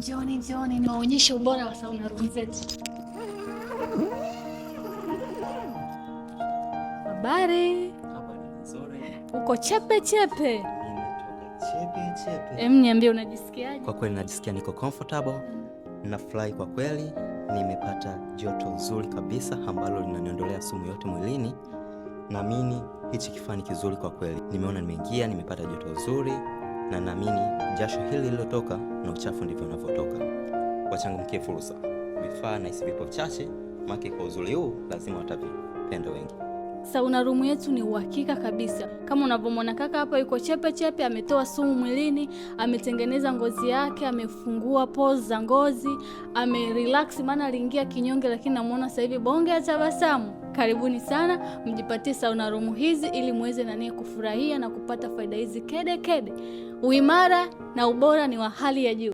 Njoni, njoni, niwaonyeshe ubora wa sauna room zetu. Habari, uko chepe chepe? Chepe chepe. Em, niambie unajisikiaje? Kwa kweli najisikia niko comfortable, nafurahi kwa kweli, nimepata joto zuri kabisa ambalo linaniondolea sumu yote mwilini. Naamini hichi kifaa ni kizuri kwa kweli. Nimeona nimeingia, nimepata joto zuri na naamini jasho hili lililotoka na uchafu ndivyo unavyotoka. Wachangamkie fursa, vifaa na hisi vipo chache, make kwa uzuri huu lazima watavipenda wengi. Sauna rumu yetu ni uhakika kabisa, kama unavyomwona kaka hapa, yuko chepe chepe, ametoa sumu mwilini, ametengeneza ngozi yake, amefungua pores za ngozi, amerelax, maana aliingia kinyonge, lakini namuona sasa hivi bonge ya tabasamu. Karibuni sana mjipatie sauna rumu hizi ili muweze nanie kufurahia na kupata faida hizi kede kede. Uimara na ubora ni wa hali ya juu.